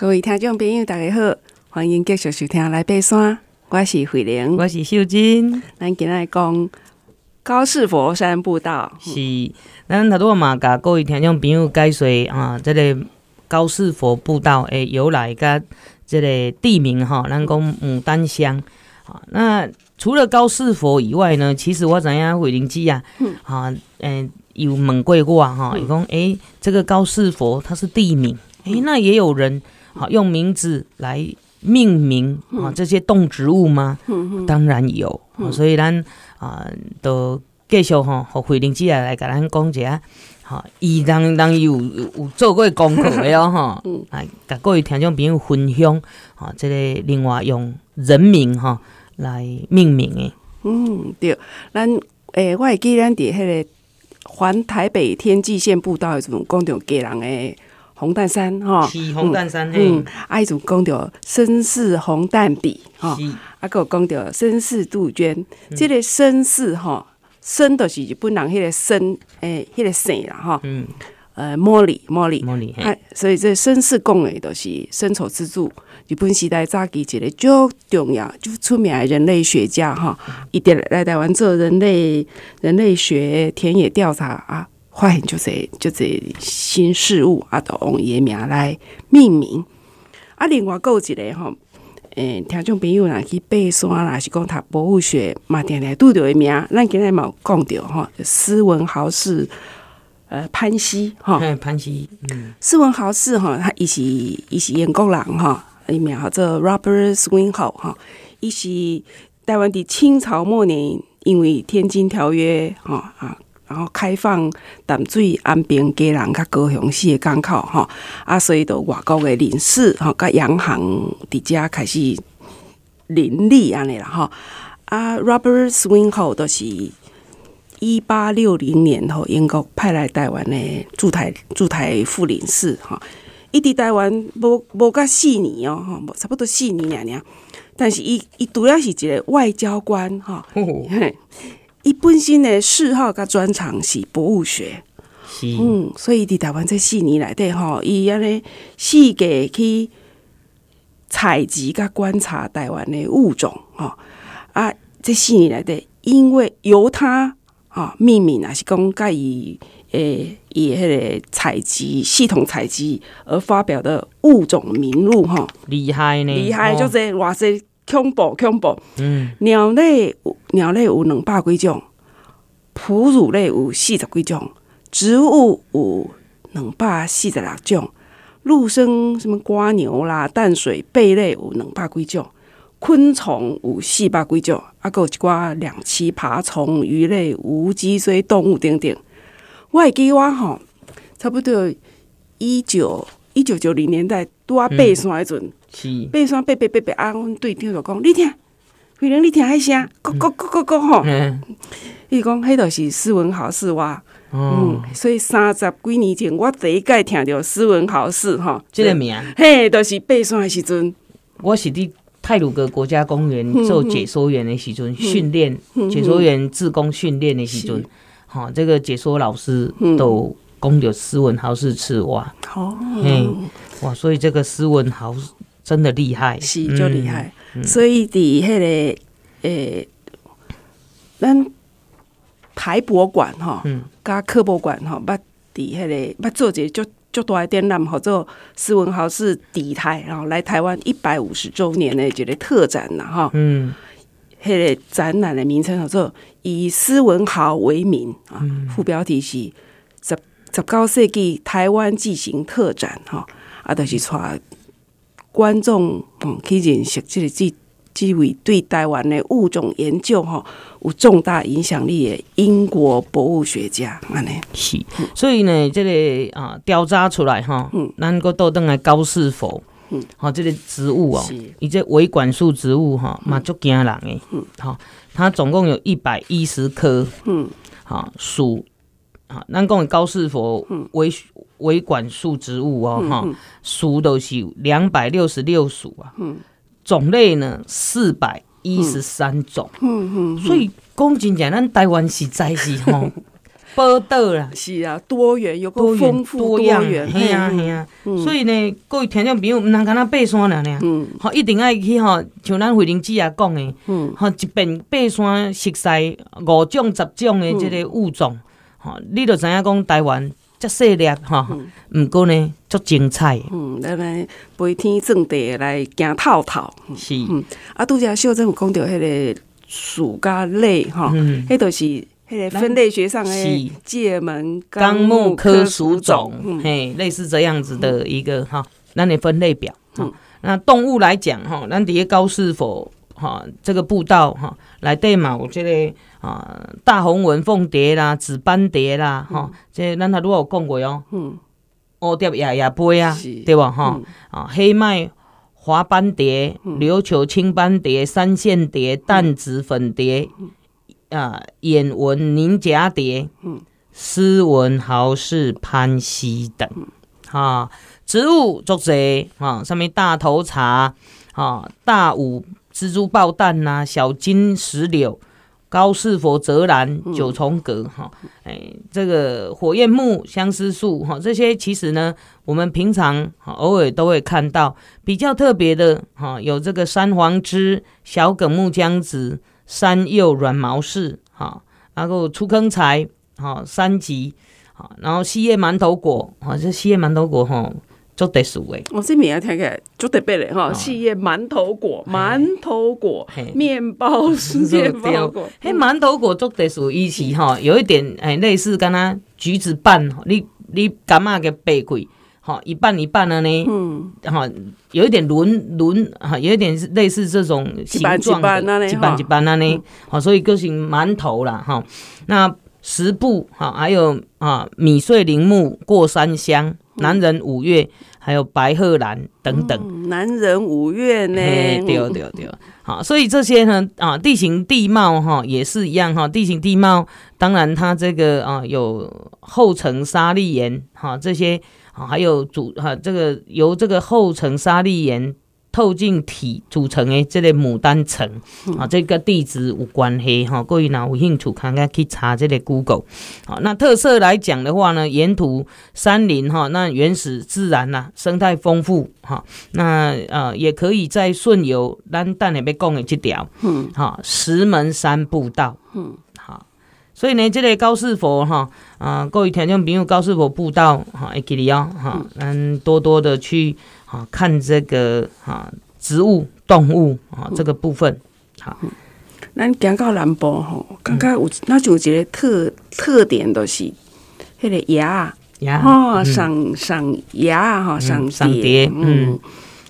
各位聽眾朋友，大家好，歡迎繼續收聽來爬山。我是慧玲，我是秀珍。咱今來講高士佛山步道。是，咱拄多嘛，甲各位聽眾朋友解說啊，這個高士佛步道誒由來，甲這個地名吼。咱講牡丹鄉啊，那除了高士佛以外呢，其實我知影慧玲姐啊，嗯，啊，誒，有問過我哈，伊講誒，這個高士佛它是地名，誒，那也有人。好用名字來命名啊，這些動植物嗎？嗯嗯嗯、當然有，所以咱啊都繼續吼，和慧玲姐來甲咱講一下。吼，伊人人有有做過功課的哦，吼、嗯，啊，甲各位聽眾朋友分享。好，這個另外用人名吼來命名的。嗯，對，咱、欸、誒，我會記咱佇迄個環台北天際線步道有講著有個人誒。紅淡山，哈、嗯，起紅淡山嘿，阿一種講到森氏紅淡比，哈，阿、啊、有講到森氏杜鵑，即、這個森氏，吼、哦，森都是日本人迄個森，誒、那個，迄、欸那個姓啦，哈，嗯，呃，茉莉，茉莉，茉莉，哎、啊，所以這森氏講誒都是森丑之助，日本時代早期，一個最重要，就出名的人類學家，哈、哦，伊佇來台灣做人類人類學田野調查啊。發現就是就是新事物，阿，都用伊的名來命名。啊，另外閣有一個吼，誒，聽眾朋友，若去爬山，若是講讀博物學嘛，定定拄着伊名。咱今日嘛有講到吼，斯文豪氏，呃，潘西吼，潘西，嗯，斯文豪氏吼，他伊是伊是英國人吼，伊名叫做 Robert Swinhoe 吼，伊是台灣的清朝末年，因為《天津條約》吼。啊。然後開放淡水、安平、嘉南較高雄市的港口哈，啊，所以到外國嘅領事哈，甲、啊、洋行佇遮開始林立安尼啦哈。啊，Robert Swinhoe 都是一八六零年後英國派來台灣的駐台駐台副領事哈，伊佇、啊、台灣無無甲四年哦，差不多四年兩，但是伊伊是一個外交官、啊哦伊本身的嗜好甲專長是博物學，嗯，所以佇台灣這四年內底吼，伊安尼四界去採集、甲觀察台灣的物種吼啊，這四年內底，因為由他啊命名啊是講甲伊誒伊迄個採集系統採集而發表的物種名錄吼。厲害呢，厲害就是，就這哇塞！恐怖恐怖！嗯，鳥類有鳥類有兩百幾種，哺乳類有四十幾種，植物有兩百四十六種，陸生什麼蝸牛啦，淡水貝類有兩百幾種，昆蟲有四百幾種，啊，閣有一寡兩棲爬蟲、魚類、無脊椎動物等等。我會記我吼，差不多一九一九九零年代拄仔爬山迄陣。是，爬山爬爬爬爬啊！阮隊長著講，你聽，飛龍，你聽迄聲，咕咕咕咕咕吼。嗯，伊講，迄、嗯、著是斯文豪氏哇。哇、嗯。嗯，所以三十幾年前，我第一屆聽着斯文豪氏吼，即個名嘿，著、就是爬山的時陣。我是佇太魯閣國家公園做解說員的時陣，訓練解說員志工訓練的時陣。吼、嗯嗯哦。這個解說老師都講着斯文豪氏。詞哇。好、嗯，嗯，哇，所以這個斯文豪。真的厲害，是就厲害、嗯，所以佇迄、那個誒、欸，咱台博館哈，加科博館哈、那個，捌佇迄個捌做者，就就多一點難。好，之後斯文豪是抵台，然後來台灣一百五十周年嘞，一個特展啦哈。嗯，迄、那個展覽的名稱叫做以斯文豪為名啊，副標題是十“十十九世紀台灣紀行特展”哈，啊，都是出。觀眾，嗯，去認識這個即即位對台灣的物種研究吼，有重大影響力的英國博物學家，安尼是，所以呢，這個啊調查出來哈、哦嗯嗯，咱個鬥登的高士佛，吼、嗯啊，這個植物哦，以這維管束植物吼，嘛足驚人嘅，吼、嗯嗯啊，它總共有一百一十棵，嗯，好屬啊，屬咱講的高士佛為。嗯維管束植物哦，吼、嗯，屬、嗯、都是兩百六十六屬啊、嗯，種類呢四百一十三種、嗯嗯嗯，所以講真正咱台灣實在是吼，寶島啦，是啊，多元又多豐富多樣，嘿啊，啊、嗯，所以呢，各位聽眾朋友，毋通干那爬山了呢，吼、嗯哦，一定要去吼，像咱慧玲姐啊講的，吼、嗯哦，一邊爬山熟悉五種十種的這個物種，吼、嗯哦，你都知影講台灣。這細粒，哈，毋過呢足精彩。嗯，嗯我來來，飛天遁地來行透透。是，嗯、啊，杜家秀真講到迄個鼠蛤類哈，迄、哦、個是迄個分類學上的界門綱目科屬種，嘿、嗯嗯，類似這樣子的一個哈，那你分類表，嗯，那動物來講哈，那蝶高士佛哈這個步道哈來對嘛？我覺得。啊，大紅紋鳳蝶啦，紫斑蝶啦，哈，嗯、這咱阿如有講過哦？嗯，蝴蝶也也飛啊，對吧？哈，嗯、啊，黑脈、樺斑蝶、嗯、琉球青斑蝶、三線蝶、淡紫粉蝶，嗯、啊，眼紋擬蛺蝶、嗯，斯文豪氏攀、攀蜥等，啊，植物足濟啊，上面大頭茶，啊，大武蜘蛛抱蛋吶、啊，小金石榴。高士佛澤蘭、九重葛哈，哎，這個火焰木、相思樹，哈，這些其實呢，我們平常偶爾都會看到。比較特別的，哈，有這個三黃枝、小梗木薑子、山柚、軟毛柿，哈，然後出坑柴哈，山棘，好，然後細葉饅頭果，好，這細葉饅頭果，哈。足特殊誒，我、哦、這明下聽起來足特別嘞，哈，細葉饅頭果，饅頭果，嘿麵包麵包果，誒，饅、嗯，那個、頭果足特殊，伊是哈、嗯，有一點誒，類似，干吶橘子瓣，你你干嘛個白鬼？哈，一半一半了呢，嗯，哈，有一點輪輪，哈，有一點類似這種形狀的，嗯、一半一半了呢，好、嗯，所以就是饅頭啦，哈、嗯，那十步哈，還有啊，米碎柃木、過山香。南仁五月，還有白鶴蘭等等、嗯。南仁五月呢？嘿嘿對對對， 好，所以這些呢啊，地形地貌哈也是一樣哈。地形地貌，當然它這個啊有厚層砂礫岩哈、啊，這些啊還有主啊這個由這個厚層砂礫岩。透鏡體組成的這個牡丹層啊，這個地址有關係哈，各位若有興趣，看看去查這個 Google。那特色來講的話呢，沿途山林哈，那原始自然吶、啊，生態豐富，那呃也可以在順遊，咱等下要講的這條，好、嗯、石門山步道。所以呢，這類、個、高士佛哈啊，各位聽眾朋友，高士佛步道哈，哎、啊，給你哦哈，咱多多的去哈、啊、看這個哈、啊、植物、動物啊、嗯、這個部分好。咱講到南部吼，剛剛有那就有一個特特點，都是迄個鴨鴨哦，上上鴨哈，上上蝶嗯。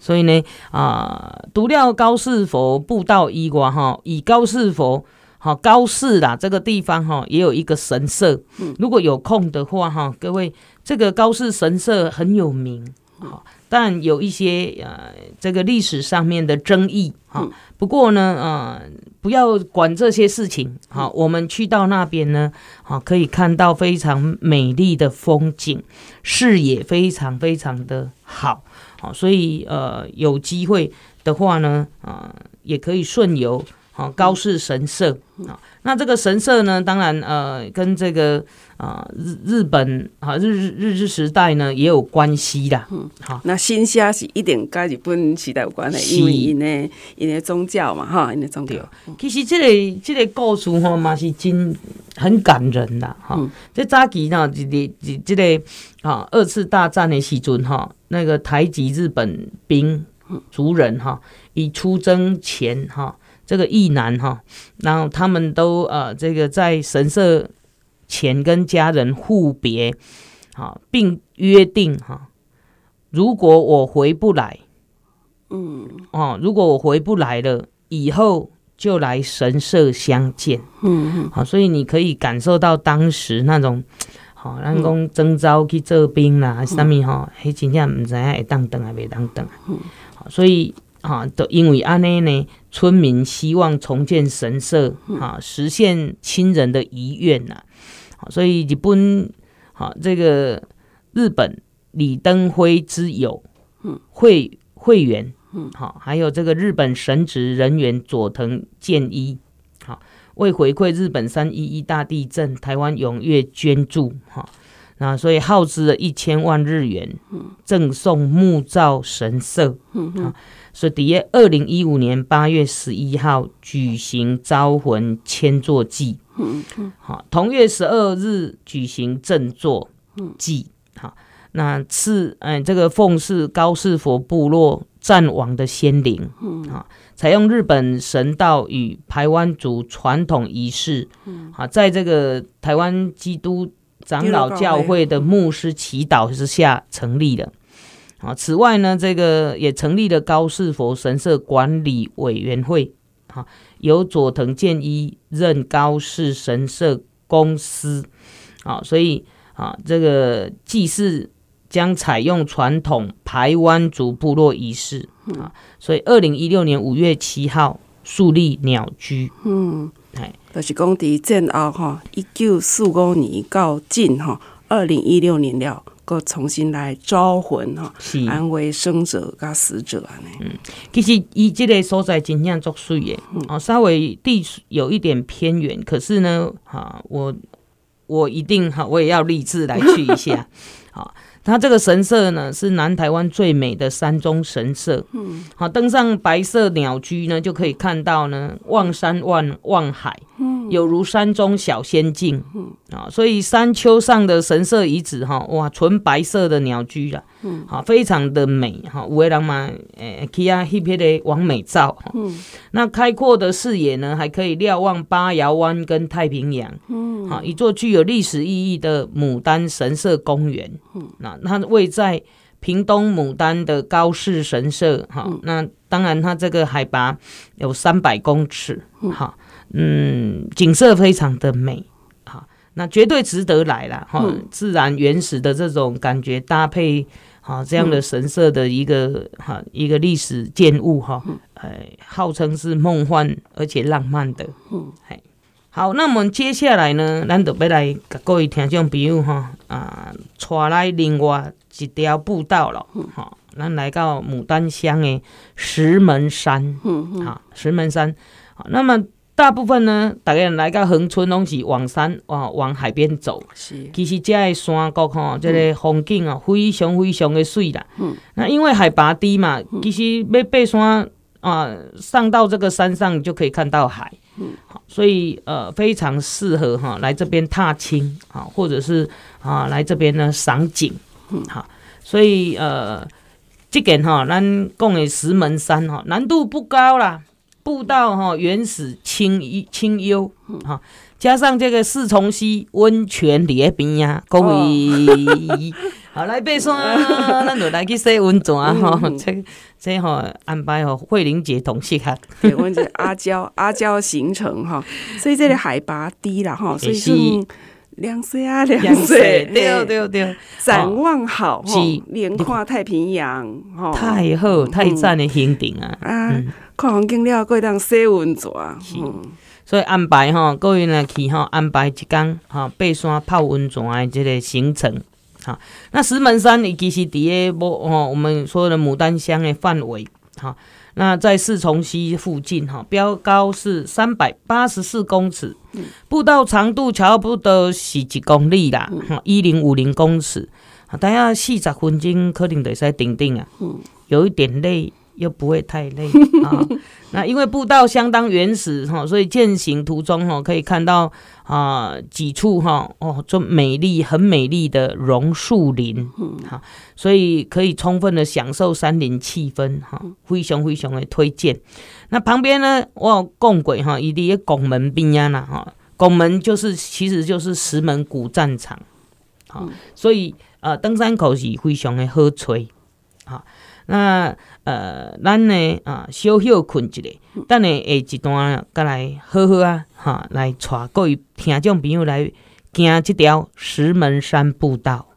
所以呢啊，讀了高士佛步道以外哈，以高士佛。好高士啦，這個地方哈也有一個神社。如果有空的話哈，各位，這個高士神社很有名。好，但有一些呃，這個歷史上面的爭議哈。不過呢，呃，不要管這些事情。好，我們去到那邊呢，好可以看到非常美麗的風景，視野非常非常的好。好，所以呃有機會的話呢，啊，也可以順遊。哦，高氏神社啊、嗯，那這個神社呢，當然呃，跟這個啊、呃、日日本啊日日日治時代呢也有關係啦。嗯，好，那神社是一定跟日本時代有關係，因為因的因為宗教嘛哈，因為宗教。其實這個這個故事哈、喔、嘛是、啊、是真很感人的，嗯、哈。在早期呢，就是即個啊二次大戰的時陣哈，那個台籍日本兵族人哈，以出征前哈。這個義男哈，然後他們都呃，這個在神社前跟家人互別，好，並約定哈，如果我回不來，嗯哦，如果我回不來了，以後就來神社相見，嗯嗯，好，所以你可以感受到當時那種，好，南徵召去這兵啦、啊，啥咪哈，他真正唔知會當等還是未當等，嗯，好，所以。哈、啊，都因為安內呢，村民希望重建神社，哈、啊，實現親人的遺願吶、啊啊，所以日本，好、啊、這個日本李登輝之友，嗯，會會員，嗯、啊，還有這個日本神職人員佐藤健一，好、啊，為回饋日本三一一大地震，台灣踴躍捐助，哈、啊。那、啊、所以耗資了一千萬日元，贈送木造神社，嗯啊。所以底下二零一五年八月十一號舉行招魂千座祭。好、嗯啊，同月十二日舉行正座祭。嗯啊，那賜、哎、這個奉祀高士佛部落戰亡的先靈。嗯啊，採用日本神道與排灣族傳統儀式，嗯。啊，在這個台灣基督。長老教會的牧師祈禱之下成立了。啊，此外呢，這個也成立了高士佛神社管理委員會。啊，由佐藤健一任高士神社公司。啊，所以啊，這個祭祀將採用傳統排灣族部落儀式。啊，所以二零一六年五月七號樹立鳥居。嗯。就是講佇戰後一九四五年到今二零一六年了，擱重新來招魂，安慰生者加死者。嗯，其實伊這個所在真正足媠耶，稍微地有一點偏遠，可是呢，我我一定我也要立志來去一下， 它這個神社呢，是南台灣最美的山中神社。嗯，好，登上白色鳥居呢，就可以看到呢，望山望望海。有如山中小仙境，嗯啊，所以山丘上的神社遺址哈，哇，純白色的鳥居了，嗯，好、啊，非常的美哈，五位浪漫，哎，Kia Hiki 的完、欸、美照，嗯、啊，那開闊的視野呢，還可以瞭望八瑤灣跟太平洋，嗯，好、啊，一座具有歷史意義的牡丹神社公園，嗯、啊、那它位在屏東牡丹的高士神社哈、啊嗯，那當然它這個海拔有三百公尺，哈、嗯。啊嗯，景色非常的美，啊、那絕對值得來了哈、啊嗯。自然原始的這種感覺搭配，啊、這樣的神社的一個哈、嗯啊、一個歷史建物哈，哎、啊嗯呃，號稱是夢幻而且浪漫的，嗯，好，那麼接下來呢，咱就要來給各位聽眾朋友哈，啊，帶來另外一條步道了，哈、嗯，咱來到牡丹鄉的石門山，嗯嗯、啊，石門山，啊、那麼。大部分呢，大家來到恆春攏是往山往、啊、往海邊走。是，其實這的山高看、啊，這個風景啊、嗯，非常非常的水啦。嗯，那因為海拔低嘛、嗯，其實沒爬山啊，上到這個山上就可以看到海。嗯，好，所以呃，非常適合哈、啊、來這邊踏青啊，或者是啊來這邊呢賞景。嗯、好、啊，所以呃，這件哈、啊，咱講的石門山哈、啊，難度不高啦。步道哈，原始清幽、清幽，加上這個四重溪溫泉裡邊呀，各位、哦、 好來爬山、啊，咱、哦、就來去洗溫泉啊哈。這這吼、哦、安排哦，慧玲姐同去哈。溫、嗯、泉 阿嬌阿嬌行程哈、哦，所以這裡海拔低了哈、嗯，所以是涼水啊涼水、哎。對對對，展望好，哦、是連跨太平洋哈、嗯哦，太好太讚的行程啊、嗯、啊！嗯看風景了，過當洗溫泉。是、嗯，所以安排吼，過雲來去吼，安排一天吼，爬山泡溫泉的這個行程哈。那石門山伊其實佇、那個無吼，我們說的牡丹鄉的範圍哈。那在四重溪附近哈，標高是三百八十四公尺、嗯，步道長度差不多是一公里啦，嗯、哈，一零五零公尺。大概四十分鐘可能就會使停停啊，有一點累。又不會太累啊、 哦！那因為步道相當原始哈、哦，所以健行途中哈、哦、可以看到啊、呃、幾處哈哦，這美麗很美麗的榕樹林哈、嗯哦，所以可以充分的享受山林氣氛哈、哦。非常非常推薦、嗯。那旁邊呢，我有供鬼哈，一啲拱門邊啊啦哈，拱、哦、門就是其實就是石門古戰場、哦嗯、所以、呃、登山口是非常的好找啊。哦那呃，咱呢啊，小休困一下，等下下一段再來好好啊，哈，來帶各位聽眾朋友來行即條石門山步道。